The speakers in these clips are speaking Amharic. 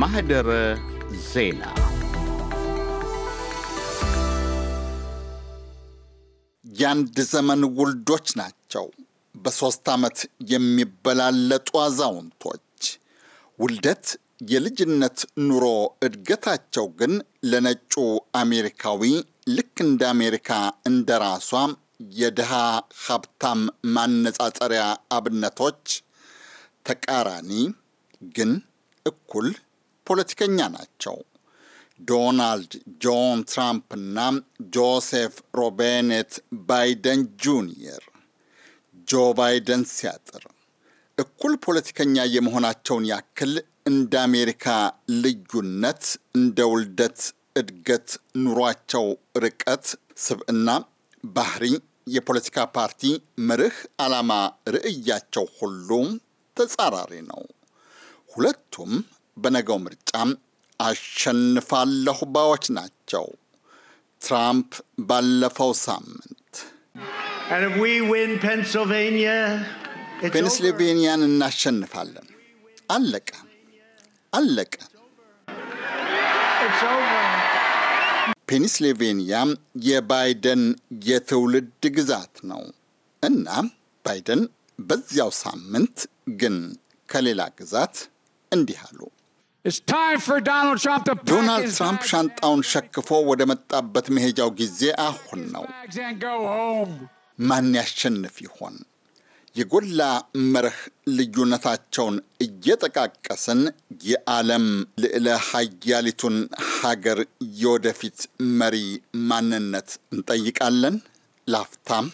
ማህደረ ዜና የአንድ ዘመን ውልዶች ናቸው። በሦስት ዓመት የሚበላለጡ አዛውንቶች ውልደት የልጅነት ኑሮ እድገታቸው ግን ለነጩ አሜሪካዊ ልክ እንደ አሜሪካ እንደ ራሷ የድሃ ሀብታም ማነጻጸሪያ አብነቶች ተቃራኒ ግን እኩል ፖለቲከኛ ናቸው። ዶናልድ ጆን ትራምፕ እና ጆሴፍ ሮቤኔት ባይደን ጁኒየር ጆ ባይደን ሲያጥር እኩል ፖለቲከኛ የመሆናቸውን ያክል እንደ አሜሪካ ልዩነት እንደ ውልደት፣ እድገት፣ ኑሯቸው፣ ርቀት፣ ስብዕና፣ ባህሪ፣ የፖለቲካ ፓርቲ መርህ፣ ዓላማ፣ ርዕያቸው ሁሉ ተጻራሪ ነው። ሁለቱም በነገው ምርጫም አሸንፋለሁ ባዎች ናቸው። ትራምፕ ባለፈው ሳምንት ፔንስልቬንያን እናሸንፋለን፣ አለቀ አለቀ። ፔንስልቬንያ የባይደን የትውልድ ግዛት ነው እና ባይደን በዚያው ሳምንት ግን ከሌላ ግዛት እንዲህ አሉ። ዶናልድ ትራምፕ ሻንጣውን ሸክፎ ወደ መጣበት መሄጃው ጊዜ አሁን ነው። ማን ያሸንፍ ይሆን? የጎላ መርህ ልዩነታቸውን እየጠቃቀስን የዓለም ልዕለ ሀያሊቱን ሀገር የወደፊት መሪ ማንነት እንጠይቃለን። ላፍታም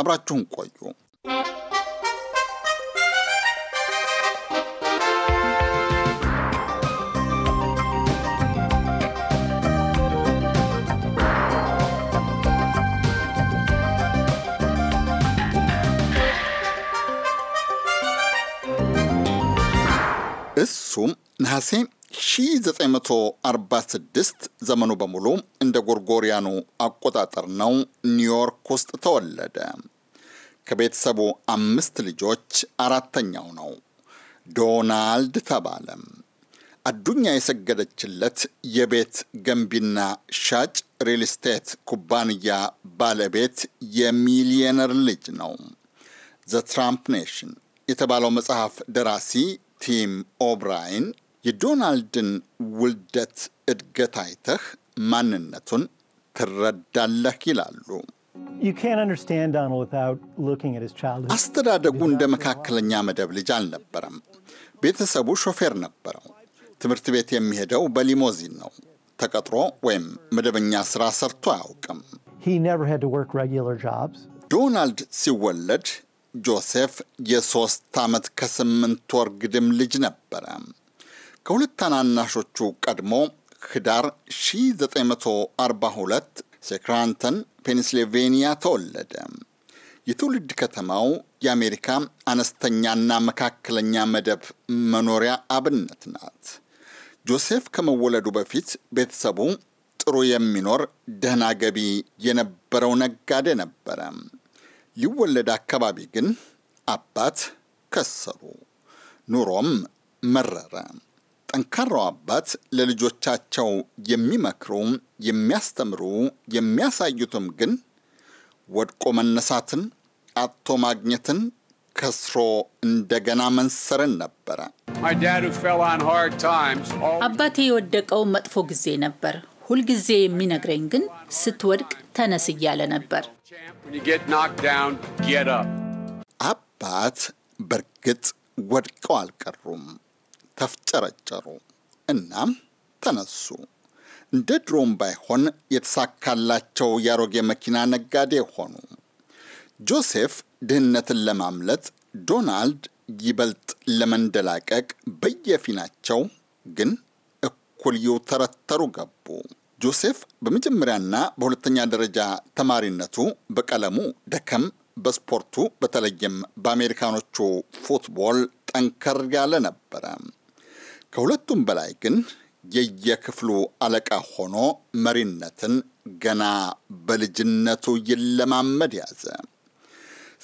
አብራችሁን ቆዩ። ነሐሴ 1946 ዘመኑ በሙሉ እንደ ጎርጎሪያኑ አቆጣጠር ነው። ኒውዮርክ ውስጥ ተወለደ። ከቤተሰቡ አምስት ልጆች አራተኛው ነው። ዶናልድ ተባለ አዱኛ የሰገደችለት የቤት ገንቢና ሻጭ ሪል ስቴት ኩባንያ ባለቤት የሚሊየነር ልጅ ነው። ዘ ትራምፕ ኔሽን የተባለው መጽሐፍ ደራሲ ቲም ኦብራይን የዶናልድን ውልደት እድገት አይተህ ማንነቱን ትረዳለህ ይላሉ። አስተዳደጉ እንደ መካከለኛ መደብ ልጅ አልነበረም። ቤተሰቡ ሾፌር ነበረው። ትምህርት ቤት የሚሄደው በሊሞዚን ነው። ተቀጥሮ ወይም መደበኛ ስራ ሰርቶ አያውቅም። ዶናልድ ሲወለድ ጆሴፍ የሦስት ዓመት ከስምንት ወር ግድም ልጅ ነበረ። ከሁለት ታናናሾቹ ቀድሞ ህዳር 1942 ሴክራንተን ፔንስልቬኒያ ተወለደ። የትውልድ ከተማው የአሜሪካ አነስተኛና መካከለኛ መደብ መኖሪያ አብነት ናት። ጆሴፍ ከመወለዱ በፊት ቤተሰቡ ጥሩ የሚኖር ደህና ገቢ የነበረው ነጋዴ ነበረ። ሊወለድ አካባቢ ግን አባት ከሰሩ፣ ኑሮም መረረ። ጠንካራው አባት ለልጆቻቸው የሚመክሩ፣ የሚያስተምሩ፣ የሚያሳዩትም ግን ወድቆ መነሳትን፣ አጥቶ ማግኘትን፣ ከስሮ እንደገና መንሰርን ነበረ። አባቴ የወደቀው መጥፎ ጊዜ ነበር። ሁልጊዜ የሚነግረኝ ግን ስትወድቅ ተነስ እያለ ነበር። አባት በእርግጥ ወድቀው አልቀሩም። ተፍጨረጨሩ። እናም ተነሱ። እንደ ድሮም ባይሆን የተሳካላቸው የአሮጌ መኪና ነጋዴ ሆኑ። ጆሴፍ ድህነትን ለማምለጥ፣ ዶናልድ ይበልጥ ለመንደላቀቅ በየፊናቸው ግን እኩል ይውተረተሩ ገቡ። ጆሴፍ በመጀመሪያና በሁለተኛ ደረጃ ተማሪነቱ በቀለሙ ደከም፣ በስፖርቱ በተለይም በአሜሪካኖቹ ፉትቦል ጠንከር ያለ ነበረ። ከሁለቱም በላይ ግን የየክፍሉ አለቃ ሆኖ መሪነትን ገና በልጅነቱ ይለማመድ ያዘ።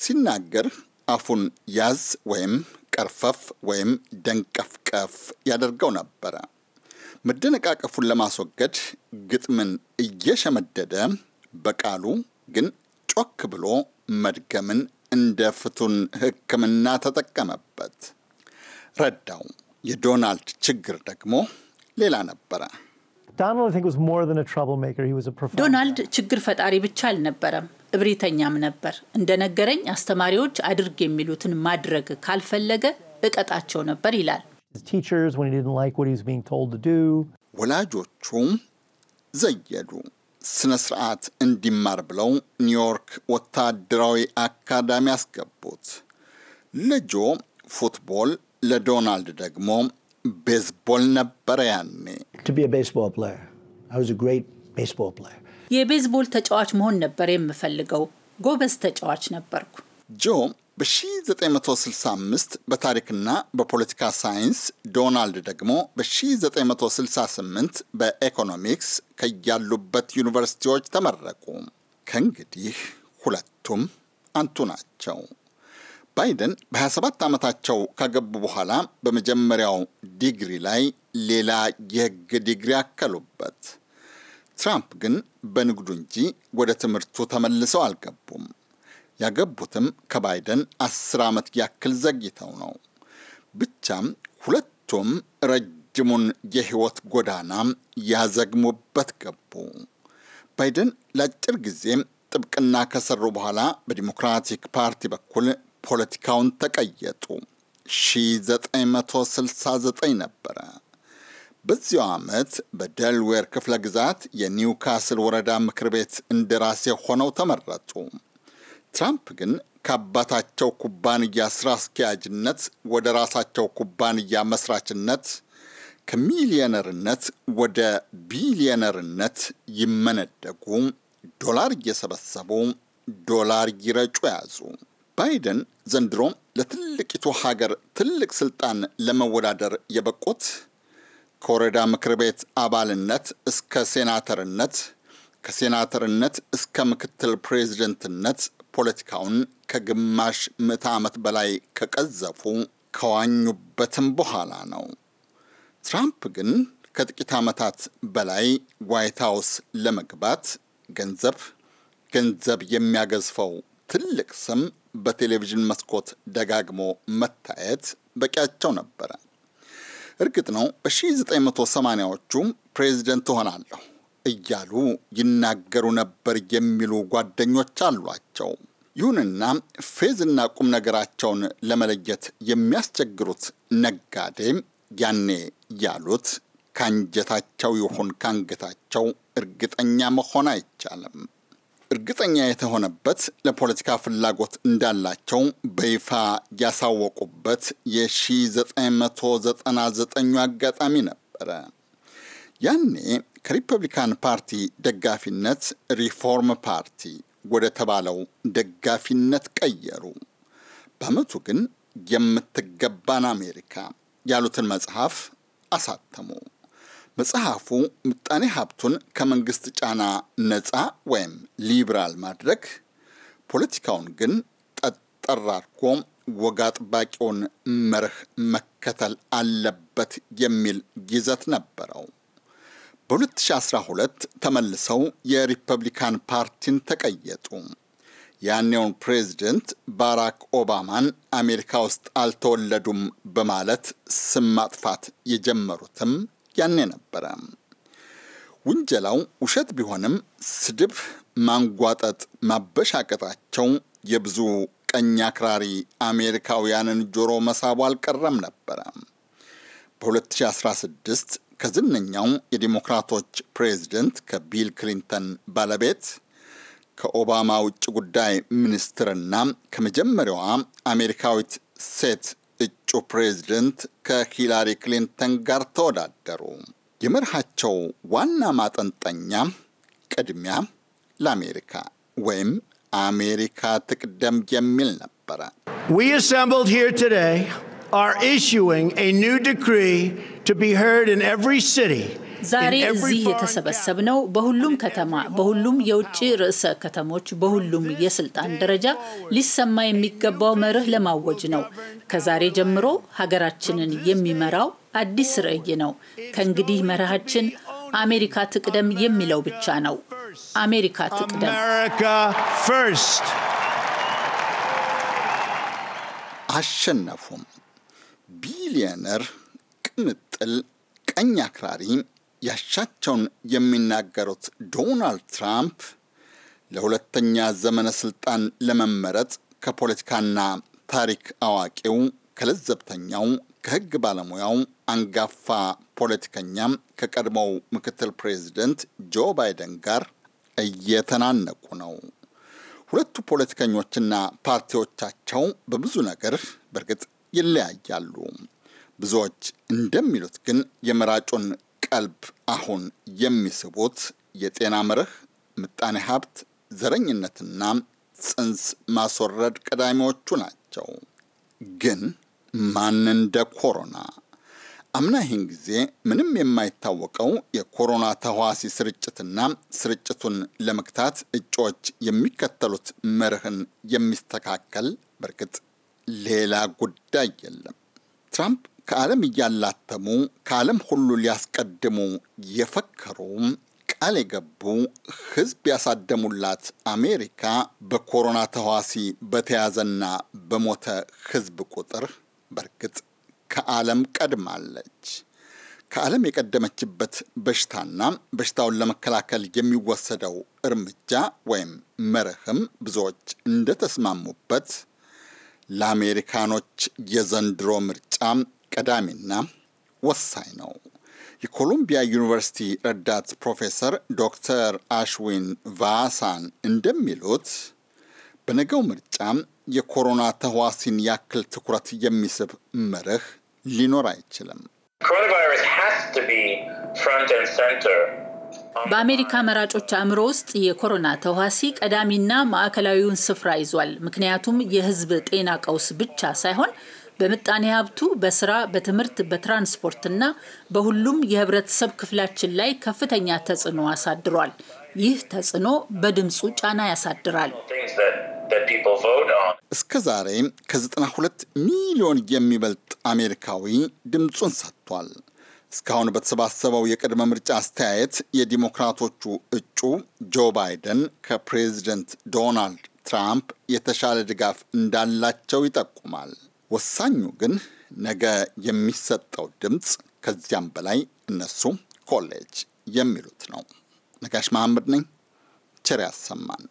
ሲናገር አፉን ያዝ ወይም ቀርፈፍ ወይም ደንቀፍቀፍ ያደርገው ነበረ። መደነቃቀፉን ለማስወገድ ግጥምን እየሸመደደ በቃሉ ግን ጮክ ብሎ መድገምን እንደ ፍቱን ሕክምና ተጠቀመበት፣ ረዳው። የዶናልድ ችግር ደግሞ ሌላ ነበረ። ዶናልድ ችግር ፈጣሪ ብቻ አልነበረም፣ እብሪተኛም ነበር። እንደነገረኝ አስተማሪዎች አድርግ የሚሉትን ማድረግ ካልፈለገ እቀጣቸው ነበር ይላል። ወላጆቹም ዘየዱ። ስነ ስርዓት እንዲማር ብለው ኒውዮርክ ወታደራዊ አካዳሚ አስገቡት። ልጆ ፉትቦል ለዶናልድ ደግሞ ቤዝቦል ነበረ ያኔ። የቤዝቦል ተጫዋች መሆን ነበር የምፈልገው። ጎበዝ ተጫዋች ነበርኩ። ጆ በ1965 በታሪክና በፖለቲካ ሳይንስ፣ ዶናልድ ደግሞ በ1968 በኢኮኖሚክስ ከያሉበት ዩኒቨርሲቲዎች ተመረቁ። ከእንግዲህ ሁለቱም አንቱ ናቸው። ባይደን በ27 ዓመታቸው ከገቡ በኋላ በመጀመሪያው ዲግሪ ላይ ሌላ የህግ ዲግሪ አከሉበት። ትራምፕ ግን በንግዱ እንጂ ወደ ትምህርቱ ተመልሰው አልገቡም። ያገቡትም ከባይደን አስር ዓመት ያክል ዘግይተው ነው። ብቻም ሁለቱም ረጅሙን የህይወት ጎዳና ያዘግሙበት ገቡ። ባይደን ለአጭር ጊዜ ጥብቅና ከሰሩ በኋላ በዲሞክራቲክ ፓርቲ በኩል ፖለቲካውን ተቀየጡ። 1969 ነበረ። በዚያው ዓመት በደልዌር ክፍለ ግዛት የኒውካስል ወረዳ ምክር ቤት እንደራሴ ሆነው ተመረጡ። ትራምፕ ግን ከአባታቸው ኩባንያ ስራ አስኪያጅነት ወደ ራሳቸው ኩባንያ መስራችነት ከሚሊዮነርነት ወደ ቢሊዮነርነት ይመነደጉ፣ ዶላር እየሰበሰቡ ዶላር ይረጩ ያዙ። ባይደን ዘንድሮም ለትልቂቱ ሀገር ትልቅ ስልጣን ለመወዳደር የበቁት ከወረዳ ምክር ቤት አባልነት እስከ ሴናተርነት ከሴናተርነት እስከ ምክትል ፕሬዝደንትነት ፖለቲካውን ከግማሽ ምዕተ ዓመት በላይ ከቀዘፉ ከዋኙበትም በኋላ ነው። ትራምፕ ግን ከጥቂት ዓመታት በላይ ዋይት ሀውስ ለመግባት ገንዘብ ገንዘብ የሚያገዝፈው ትልቅ ስም በቴሌቪዥን መስኮት ደጋግሞ መታየት በቂያቸው ነበረ። እርግጥ ነው በ1980ዎቹ ፕሬዚደንት እሆናለሁ እያሉ ይናገሩ ነበር የሚሉ ጓደኞች አሏቸው። ይሁንና ፌዝና ቁም ነገራቸውን ለመለየት የሚያስቸግሩት ነጋዴ ያኔ ያሉት ከአንጀታቸው ይሁን ከአንገታቸው እርግጠኛ መሆን አይቻልም። እርግጠኛ የተሆነበት ለፖለቲካ ፍላጎት እንዳላቸው በይፋ ያሳወቁበት የ1999 አጋጣሚ ነበረ። ያኔ ከሪፐብሊካን ፓርቲ ደጋፊነት ሪፎርም ፓርቲ ወደ ተባለው ደጋፊነት ቀየሩ። በአመቱ ግን የምትገባን አሜሪካ ያሉትን መጽሐፍ አሳተሙ። መጽሐፉ ምጣኔ ሀብቱን ከመንግስት ጫና ነፃ ወይም ሊብራል ማድረግ፣ ፖለቲካውን ግን ጠጠር አድርጎ ጥባቂውን አጥባቂውን መርህ መከተል አለበት የሚል ይዘት ነበረው። በ2012 ተመልሰው የሪፐብሊካን ፓርቲን ተቀየጡ። ያኔውን ፕሬዚደንት ባራክ ኦባማን አሜሪካ ውስጥ አልተወለዱም በማለት ስም ማጥፋት የጀመሩትም ያኔ ነበረ። ውንጀላው ውሸት ቢሆንም ስድብ፣ ማንጓጠጥ፣ ማበሻቀጣቸው የብዙ ቀኝ አክራሪ አሜሪካውያንን ጆሮ መሳቡ አልቀረም ነበረ። በ2016 ከዝነኛው የዲሞክራቶች ፕሬዚደንት ከቢል ክሊንተን ባለቤት ከኦባማ ውጭ ጉዳይ ሚኒስትርና ከመጀመሪያዋ አሜሪካዊት ሴት እጩ ፕሬዝደንት ከሂላሪ ክሊንተን ጋር ተወዳደሩ። የመርሃቸው ዋና ማጠንጠኛ ቅድሚያ ለአሜሪካ ወይም አሜሪካ ትቅደም የሚል ነበረ። We assembled here today are issuing a new decree ዛሬ እዚህ የተሰበሰብነው በሁሉም ከተማ፣ በሁሉም የውጭ ርዕሰ ከተሞች፣ በሁሉም የስልጣን ደረጃ ሊሰማ የሚገባው መርህ ለማወጅ ነው። ከዛሬ ጀምሮ ሀገራችንን የሚመራው አዲስ ርዕይ ነው። ከእንግዲህ መርሃችን አሜሪካ ትቅደም የሚለው ብቻ ነው። አሜሪካ ትቅደም። አሸነፉም። ቢሊየነር ምጥል ቀኝ አክራሪ ያሻቸውን የሚናገሩት ዶናልድ ትራምፕ ለሁለተኛ ዘመነ ስልጣን ለመመረጥ ከፖለቲካና ታሪክ አዋቂው ከለዘብተኛው ከሕግ ባለሙያው አንጋፋ ፖለቲከኛም ከቀድሞው ምክትል ፕሬዚደንት ጆ ባይደን ጋር እየተናነቁ ነው። ሁለቱ ፖለቲከኞችና ፓርቲዎቻቸው በብዙ ነገር በእርግጥ ይለያያሉ። ብዙዎች እንደሚሉት ግን የመራጩን ቀልብ አሁን የሚስቡት የጤና መርህ፣ ምጣኔ ሀብት፣ ዘረኝነትና ጽንስ ማስወረድ ቀዳሚዎቹ ናቸው። ግን ማን እንደ ኮሮና? አምና ይህን ጊዜ ምንም የማይታወቀው የኮሮና ተህዋሲ ስርጭትና ስርጭቱን ለመግታት እጩዎች የሚከተሉት መርህን የሚስተካከል በእርግጥ ሌላ ጉዳይ የለም። ትራምፕ ከዓለም እያላተሙ ከዓለም ሁሉ ሊያስቀድሙ የፈከሩ ቃል የገቡ ህዝብ ያሳደሙላት አሜሪካ በኮሮና ተህዋሲ በተያዘና በሞተ ህዝብ ቁጥር በእርግጥ ከዓለም ቀድማለች። ከዓለም የቀደመችበት በሽታና በሽታውን ለመከላከል የሚወሰደው እርምጃ ወይም መርህም ብዙዎች እንደተስማሙበት ለአሜሪካኖች የዘንድሮ ምርጫ ቀዳሚና ወሳኝ ነው። የኮሎምቢያ ዩኒቨርሲቲ ረዳት ፕሮፌሰር ዶክተር አሽዊን ቫሳን እንደሚሉት በነገው ምርጫም የኮሮና ተህዋሲን ያክል ትኩረት የሚስብ መርህ ሊኖር አይችልም። በአሜሪካ መራጮች አእምሮ ውስጥ የኮሮና ተዋሲ ቀዳሚና ማዕከላዊውን ስፍራ ይዟል። ምክንያቱም የህዝብ ጤና ቀውስ ብቻ ሳይሆን በምጣኔ ሀብቱ፣ በስራ፣ በትምህርት፣ በትራንስፖርትና በሁሉም የህብረተሰብ ክፍላችን ላይ ከፍተኛ ተጽዕኖ አሳድሯል። ይህ ተጽዕኖ በድምፁ ጫና ያሳድራል። እስከ ዛሬ ከ92 ሚሊዮን የሚበልጥ አሜሪካዊ ድምፁን ሰጥቷል። እስካሁን በተሰባሰበው የቅድመ ምርጫ አስተያየት የዲሞክራቶቹ እጩ ጆ ባይደን ከፕሬዚደንት ዶናልድ ትራምፕ የተሻለ ድጋፍ እንዳላቸው ይጠቁማል። ወሳኙ ግን ነገ የሚሰጠው ድምፅ ከዚያም በላይ እነሱ ኮሌጅ የሚሉት ነው። ነጋሽ መሐመድ ነኝ። ቸር ያሰማን።